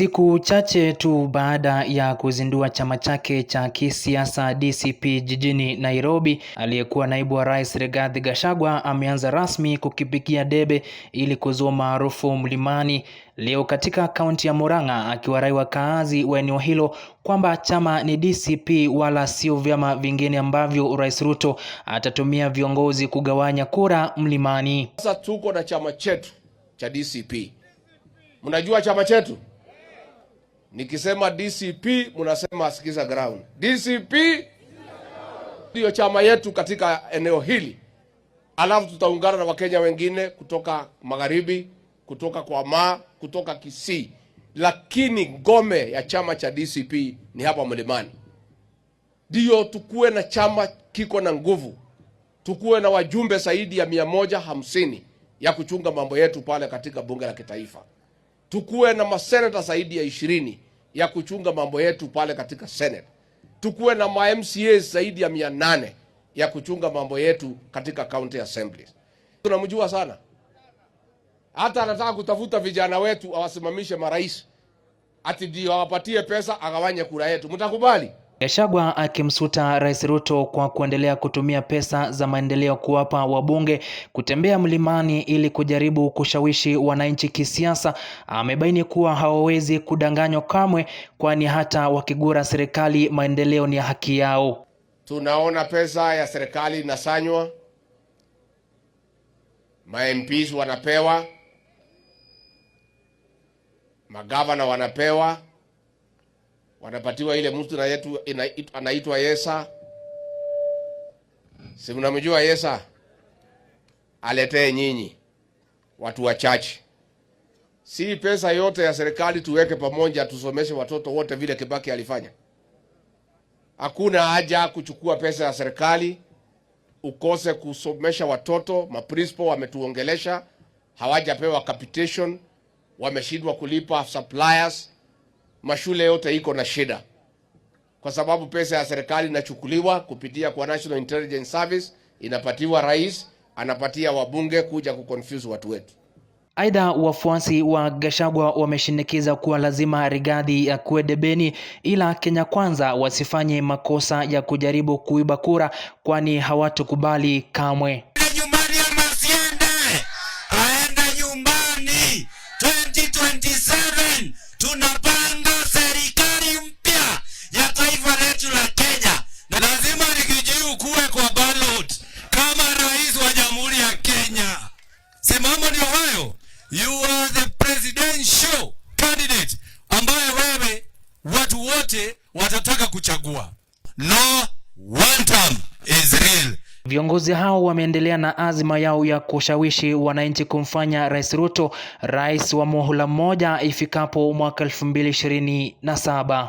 Siku chache tu baada ya kuzindua chama chake cha kisiasa DCP jijini Nairobi, aliyekuwa naibu wa rais Rigathi Gachagua ameanza rasmi kukipigia debe ili kuzua maarufu mlimani leo katika kaunti ya Murang'a, akiwarai wakaazi wa eneo hilo kwamba chama ni DCP wala sio vyama vingine ambavyo Rais Ruto atatumia viongozi kugawanya kura mlimani. Sasa tuko na chama chetu cha DCP. Mnajua chama chetu Nikisema DCP mnasema sikiza ground. DCP ndio chama yetu katika eneo hili, alafu tutaungana na Wakenya wengine kutoka magharibi, kutoka kwa ma kutoka Kisii, lakini ngome ya chama cha DCP ni hapa Mlimani. Ndiyo tukuwe na chama kiko na nguvu, tukuwe na wajumbe zaidi ya mia moja hamsini ya kuchunga mambo yetu pale katika bunge la kitaifa tukuwe na maseneta zaidi ya ishirini ya kuchunga mambo yetu pale katika Senate, tukuwe na ma MCA zaidi ya mia nane ya kuchunga mambo yetu katika county assemblies. Tunamjua sana, hata anataka kutafuta vijana wetu awasimamishe marais, ati ndio awapatie pesa agawanye kura yetu. Mtakubali? Gachagua akimsuta Rais Ruto kwa kuendelea kutumia pesa za maendeleo kuwapa wabunge kutembea mlimani ili kujaribu kushawishi wananchi kisiasa, amebaini kuwa hawawezi kudanganywa kamwe, kwani hata wakigura serikali maendeleo ni haki yao. Tunaona pesa ya serikali inasanywa, ma wanapewa, magavana wanapewa wanapatiwa ile mtu anaitwa Yesa. Si mnamjua Yesa? Aletee nyinyi watu wachache, si pesa yote ya serikali tuweke pamoja, tusomeshe watoto wote vile Kibaki alifanya. Hakuna haja kuchukua pesa ya serikali ukose kusomesha watoto. Maprinsipo wametuongelesha, hawajapewa capitation, wameshindwa kulipa suppliers mashule yote iko na shida, kwa sababu pesa ya serikali inachukuliwa kupitia kwa National Intelligence Service, inapatiwa rais, anapatia wabunge kuja kuconfuse watu wetu. Aidha, wafuasi wa gashagwa wameshinikiza kuwa lazima Rigathi akuwe debeni, ila Kenya Kwanza wasifanye makosa ya kujaribu kuiba kura, kwani hawatukubali kamwe. kama ni Ohio, you are the presidential candidate ambaye wewe watu wote watataka kuchagua. No one term is real. Viongozi hao wameendelea na azima yao ya kushawishi wananchi kumfanya Rais Ruto rais wa muhula mmoja ifikapo mwaka 2027.